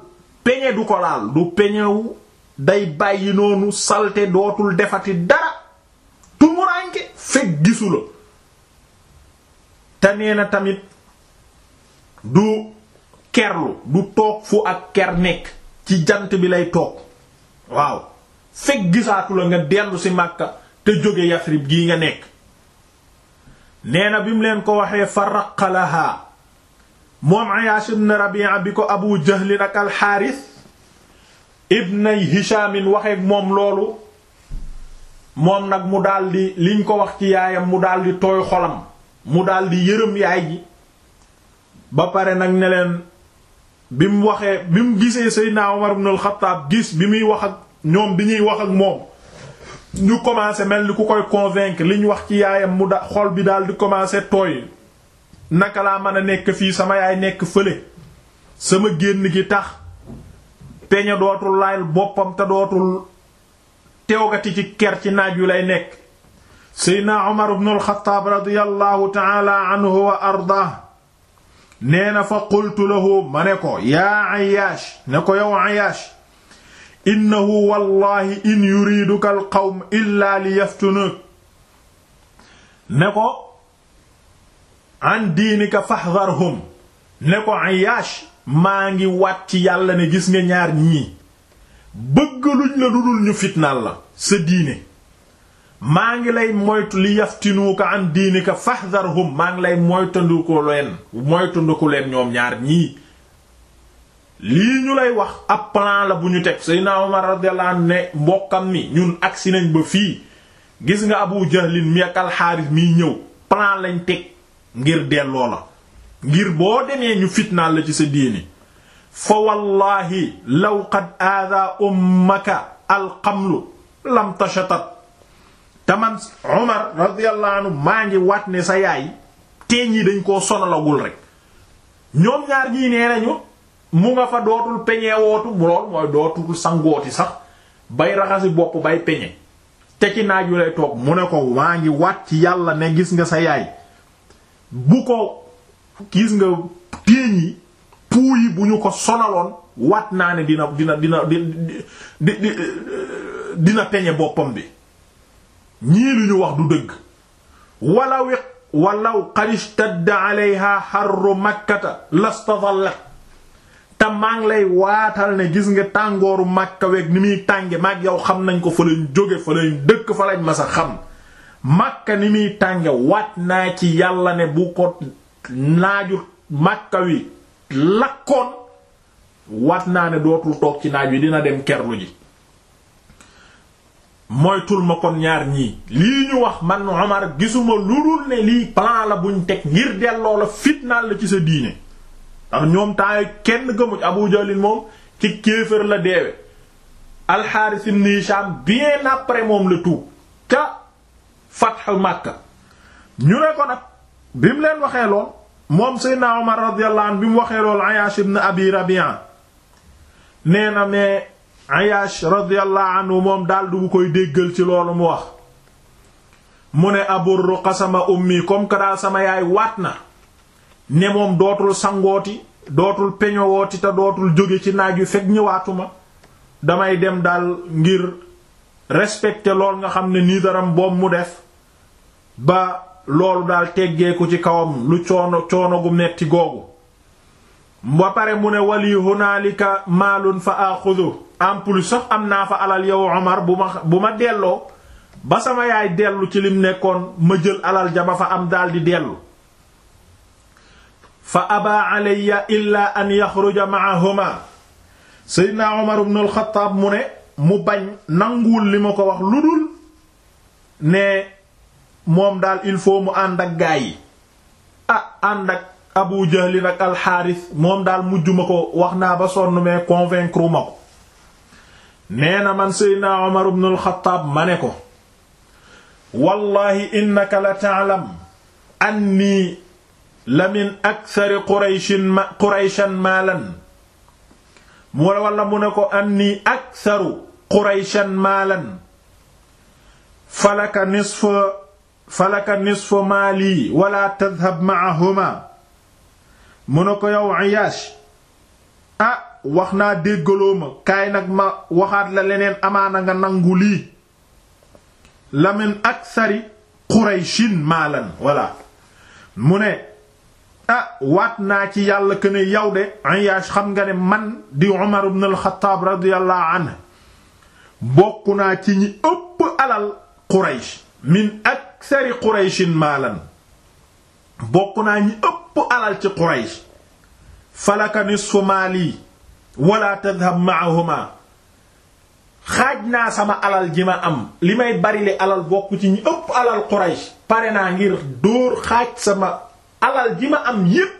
peñe du ko laal du peñewu day bàyyi noonu salte dootul defati dara tumuraanke fekk gisu la te nee na tamit du kerlu du toog fu ak ker nekk ci jant bi lay toog waaw fekk gisaatu la nga dellu si Makka te jóge Yasrib gii nga nekk nee na bi mu leen ko waxee faraqalahaa moom Ayaash ibn Rabi'a bi ko Abu Jahlin ak Alxaaris ibnay Hishaamin waxeek moom loolu moom nag mu daldi liñ ko wax ci yaayam mu daldi tooy xolam mu daldi yërëm yaay ji ba pare nag ne bi mu waxee bi mu gisee Seydina Omar ibn al-Khattab gis bi muy wax ak ñoom bi ñuy wax ak moom ñu commencé mel ni ku koy li ñu wax ci yaayam mu da xol bi daal di commencé tooy naka laa mën a nekk fii sama yaay nekk fële sama génn gi tax peña dootul laayal boppam te dootul teewgati ci ker ci naaj yu lay nekk Seydina naa ibn al-Khattab radiyallahu ta'ala anhu wa arda nee na fa qultu lahu ma ne ko yaa Ayyaash ne ko yow Ayyaash innahu wallahi in yuriduka al qawm illa li yaftunuk ne ko an diinika fahdharhum ne ko Ayyaash maa ngi wàcc yàlla ne gis nga ñaar ñii bëggaluñ la dudul ñu fitnaal la sa diine maa ngi lay moytu li yaftinuuka an diinika fahdharhum maa ngi lay moytandiku leen moytandiku leen ñoom ñaar ñii lii ñu lay wax ab plan la bu ñu teg Seydina Omar radiyallahu anhu ne mbokkam mi ñun agsi nañ ba fii gis nga Abu Jahlin mi ak Alxaaris miy ñëw plan lañ teg ngir delloo la ngir boo demee ñu fitnaal la ci sa diini fa wallaahi law qad aada ummaka alxamlu lam tashatat te man Omar radiyallahu maa ngi waat ne sa yaay teeñ yi dañ koo sonalagul rek ñoom ñaar ñii nee nañu mu nga fa dootul peñe wootu lool mooy dootul sangooti sax bay raxasi bopp bay peñe te ci naaj lay toog mu ne ko maa ngi waat ci yàlla ne gis nga sa yaay bu ko gis nga téeñ yi puu bu ñu ko sonaloon waat naa ne dina dina dina di dina peñe boppam bi ñii lu wax du dëgg walaw walaw qad ishtadda alayha harru makkata lastatallak te maa ngi lay waatal ne gis nga tàngooru màkka weeg ni muy tànge maag yow xam nañ ko fa lañ jóge fa lañ dëkk fa lañ masa xam màkka ni muy tànge waat naa ci yàlla ne bu ko naaju màkka wi lakkoon wat naa ne dootul toog ci naaj wi dina dem kerlu moytul ma kon ñaar ñii lii ñu wax man Omar gisuma lu dul ne lii plan la buñ teg ngir delloo la fitnaal la ci sa diine ndax ñoom temps kenn gëmuj Abu Jahl moom ci kéefër la deewe Al-Harith ibn Hisham bien après moom la tuub ca Fathu Makka ñu ne ko nag bi mu leen waxeeloo moom Seydina Omar radiyallahu anhu bi mu waxee lool Ayyash ibn nee na mais Ayash radiyallahu anhu moom daal du koy déggal ci loolu mu wax mu ne aburru qasama ummi comme que daal sama yaay waat na ne moom dootul sangooti dootul peñowooti te dootul jóge ci naaj wi fekk ma damay dem daal ngir respecter lool nga xam ne nii daram boobu mu def ba loolu daal teggeeku ci kawam lu coono coono gu metti googu ba pare mu ne wali hunaalika maalun fa axudu en plus sax am naa fa alal yow Omar bu ma delloo ba sama yaay dellu ci lim nekkoon ma jël alal ja ma fa am daldi dellu fa abaa alayya illaa an yaxruja ma'ahuma seydna Omar ibn al mu ne mu bañ nanguwul li ma ko wax lu dul ne moom daal il faut mu ànd ak gaa yi ah ànd ak Abu Jahl ak alxaaris moom daal mujj ma ko wax naa ba sonn mais convaincre ma ko nee na man Seydina Omar ibn al-Khattab ma ne ko wallahi innaka la ta'lam anni la min akthari qurayshin qurayshan maalan wala mu ne ko anni aktharu qurayshan maalan falaka nisfu falaka nisfu maali wala tadhhab ma'ahuma mu ne ko yow Ayaash ah wax naa déggaloo ma kaay nag ma waxaat la leneen amaana nga nangu lii la min aksari Qurayshin maalan voilà mu ne ah waat naa ci yàlla que ne yow de Ayaash xam nga ne man di Umar ibn al-Khattab radiyallahu anhu bokk naa ci ñi ëpp alal Quraysh min aksari Qurayshin maalan bokk naa ñi ëpp alal ci Quraysh falaka nisfu maali wala tadhhab ma'ahuma xaaj naa sama alal ji ma am li may barile alal bokk ci ñi ëpp alal Quraysh pare naa ngir dóor xaaj sama alal ji ma am yépp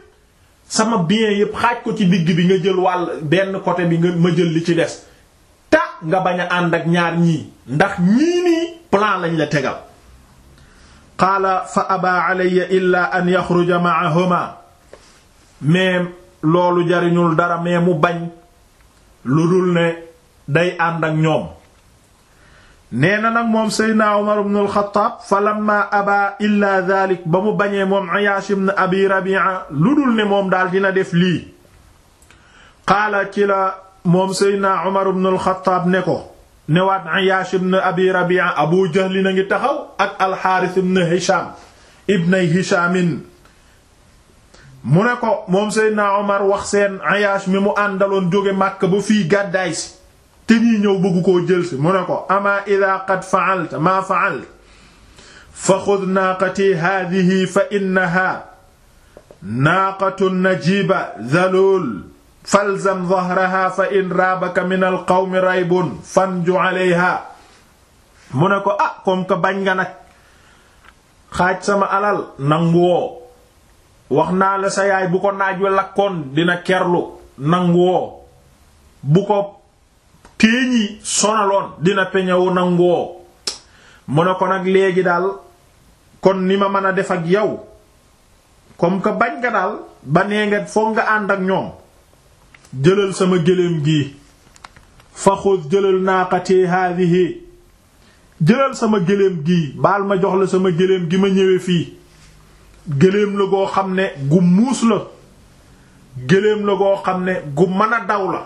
sama bien yépp xaaj ko ci digg bi nga jël wàll benn côté bi nga ma jël li ci des ta nga bañ a ànd ak ñaar ñii ndax ñii nii plan lañ la tegal qaala fa abaa alayya illaa an yaxruja ma'ahuma mais loolu jariñul dara mais mu bañ lu dul ne day ànd ak ñoom nee na nag moom seydna Umar ibn al fa lamma abaa illaa daalik ba mu bañee moom Ayaash ibn Abi Rabi'a lu dul ne moom daal dina def lii qaala ci la moom seydna Umar ibn al-Khattab ne ko newaat Ayyash ibn Abi Rabi'a Abu Jahl na ngi taxaw ak al-Harith ibn Hisham ibnay Hishamin mu ne ko moom Seydina Omar wax seen mi mu àndaloon jóge Makka ba fii gàddaay si te ñuy ñëw bëgg koo mu ne ko ama idha qad fa'alta ma fa'alta fa khudh naqati hadhihi fa innaha naqatun najiba dhalul falzam dhahraha fa in raabaka min al qawmi raybun fanju alayha mu ne ko ah comme que bañ nga nag xaaj sama alal nangu woo wax naa la sa yaay bu ko naaj wa lakkoon dina kerlu nangu woo bu ko téeñ yi sonaloon dina peñewu nangu woo mu ne ko nag léegi daal kon ni ma mën a def ak yow comme que bañ nga daal ba nee nga foog nga ànd ak ñoom jëlal sama gëléem gi fa xud jëlal naaqati haadihi jëlal sama gëléem gi baal ma jox la sama gëléem gi ma ñëwee fii gëléem la goo xam ne gu muus la la goo xam ne gu mën a daw la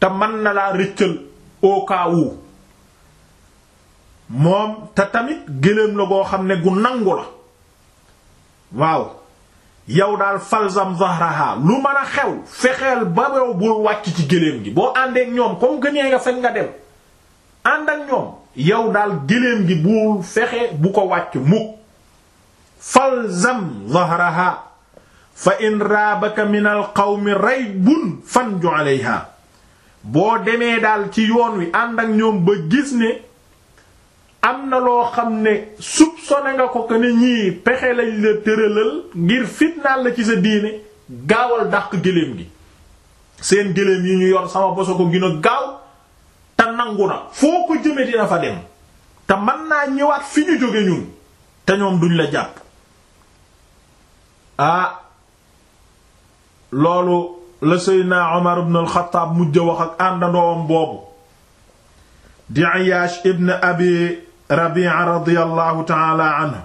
te man na laa rëccal au cas moom te tamit gëléem la goo xam ne gu nangu la waaw yow daal falzam zahraha lu mën a xew fexeel ba yow bul wàcc ci gëléem gi boo àndeek ñoom comme que nee nga fekk nga dem ànd ak ñoom yow daal gëléem gi bul fexe bu ko wàcc mukk falzam zahraha fa in raabaka min al qawmi raybun fanju alayha boo demee daal ci yoon wi ànd ak ñoom ba gis ne am na loo xam ne soupçonné nga ko que ne ñii pexe lañ la tëralal ngir fitnaal la ci sa diine gaawal dàq gëléem gi seen gëléem yi ñu yor sama boso ko gën gaaw te nangu na foo ko jëme dina fa dem te mën naa ñëwaat fi ñu jóge ñun te ñoom duñ la jàpp ah loolu la Seydina Omar ibn al-Khattab mujj wax ak àndandoom boobu di Ayyash ibn Abi Rabi'a radiyallahu ta'ala anhu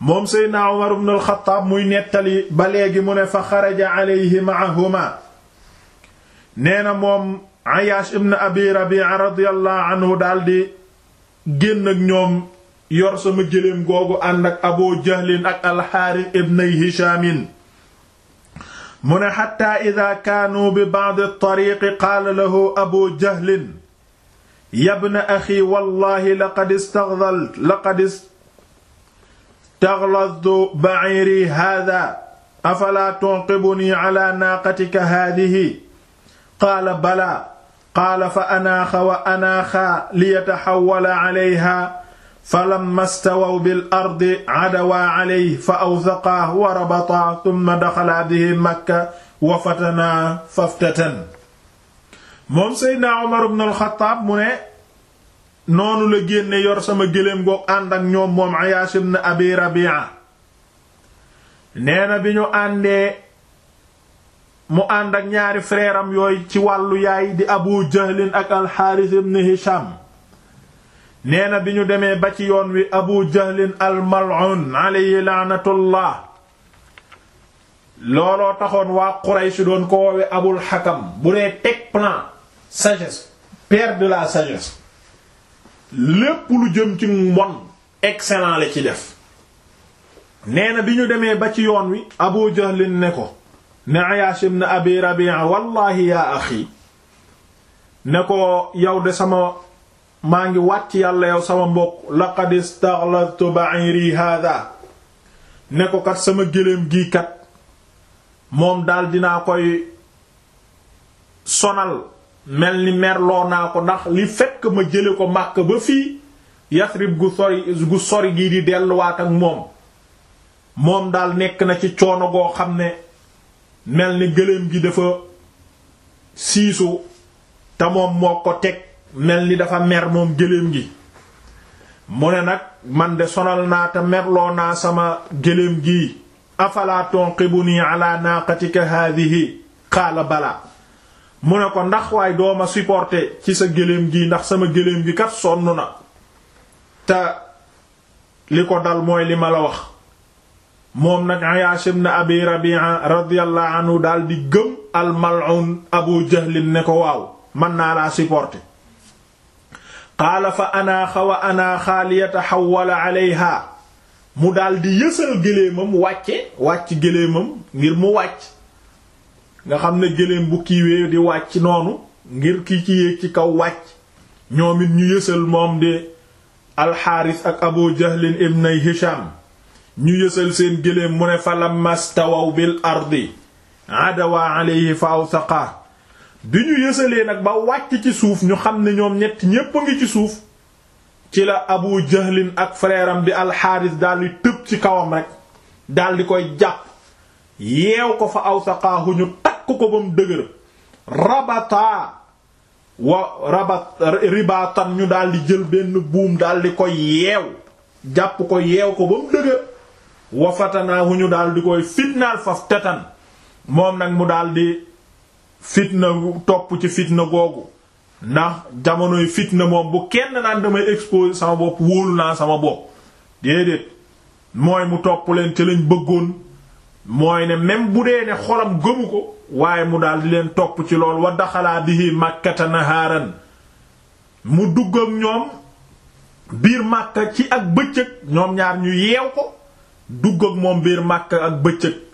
moom Seydina Umar ibn al-Khattab muy nettali ba léegi mu ne fa xaraja alayhi ma'ahuma nee na moom Ayyash ibn Abi Rabi'a radiyallahu anhu daldi génn ak ñoom yor sama gëléem googu ànd ak Abu Jahlin ak al-Harith ibn Hishamin mu ne hatta idha kaanu bi ba'd at-tariq qaala lahu Abu Jahlin yabna axi wallahi laqad istaxdalt laqad istaxladtu baciiri haada afalaa tunqibunii calaa naaqatika haadihi qaala balaa qaala fa anaaxa wa anaaxaa liyataxawala calayha falamma stawaw bil ardi cadawaa calayhi fa awsaqaa wa rabataa summa daxalaa bihi makka wa fatanaa faftatan moom Seydina Omar ibn al mu ne noonu la génne yor sama gëléem goog ànd ak ñoom moom Ayaash ibn Abi Rabi'a nee na bi ñu àndee mu ànd ak ñaari frère am yooyu ci wàllu yaay di Abu Jahlin ak al-Harith ibn Hisham nee na bi ñu demee ba ci yoon wi Abu Jahlin al-mal'un alayhi la'natullah looloo taxoon waa Quraysh doon ko woowe Abul Hakam bu dee teg plan sagesse père de la sagesse lépp lu jëm ci mbon excellent la ci def nee na bi ñu demee ba ci yoon wi Abu Jahl ne ko ne Ayaash ibn Abi Rabi'a wallahi yaa axi ne ko yow de sama maa ngi wàcc yàlla yow sama mbokk laqad istaghlaztu ba'iri hadha ne ko kat sama gëléem gii kat moom daal dinaa koy sonal mel ni merloo naa ko ndax li fekk ma jële ko Makka ba fii Yasrib gu sori gu gii di delluwaat ak moom moom daal nekk na ci coono goo xam ne mel ni gëléem gi dafa siisu te moom moo ko teg mel ni dafa mer moom gëléem gi mu ne nag man de sonal naa te merloo naa sama gëléem gi afala tunqibuni ala naqatika hadhihi qaala bala mu ne ko ndax waay dooma supporter ci sa gëléem gi ndax sama gëléem gi kat sonn na ta li ko dal mooy li ma la wax moom nag Ayaash ibn Abi Rabi'a radiyallahu anhu daal gëm al-mal'un Abu Jahl ne ko waaw mën naa laa supporter qaala fa anaaxa wa anaaxaa liyataxawwala alayha mu daldi di yësal gëléemam wàcce wàcc gëléemam ngir mu wàcc nga xam na gëléem bu kiiwee di wàcc noonu ngir ki ci yéeg ci kaw wàcc ñoom it ñu yësal moom di alxaaris ak abu jahlin ibnay hisham ñu yësal seen gëléem mu ne fa lamastawaw bi ardi adawa alayhi fa awsaqa bi ñu yësalee nag ba wàcc ci suuf ñu xam ne ñoom ñett ñépp ci suuf ci la abu jahlin ak frère bi alxaaris daldi tëb ci kawam rek daldi koy jàpp yeew ko fa awsaqaahu ñu ko ba mu dëgër rabata wa rabat ribaatan ñu daal di jël benn buum daal di ko yeew jàpp ko yeew ko ba mu dëgër wa fatanaahu ñu daal koy fitnaal faf tetan moom nag mu daldi di fitna topp ci fitna googu ndax jamonoy fitna moom bu kenn naan damay exposer sama bopp wóolu naa sama bopp déedéet mooy mu topp leen ci bëggoon mooy ne même bu dee ne xolam gëmu ko waaye mu daal leen topp ci lool wa daxalaa bihi màkkata nahaaran mu dugg ak ñoom biir màkka ci ak bëccëg ñoom ñaar ñu yeew ko dugg ak moom biir màkka ak bëccëg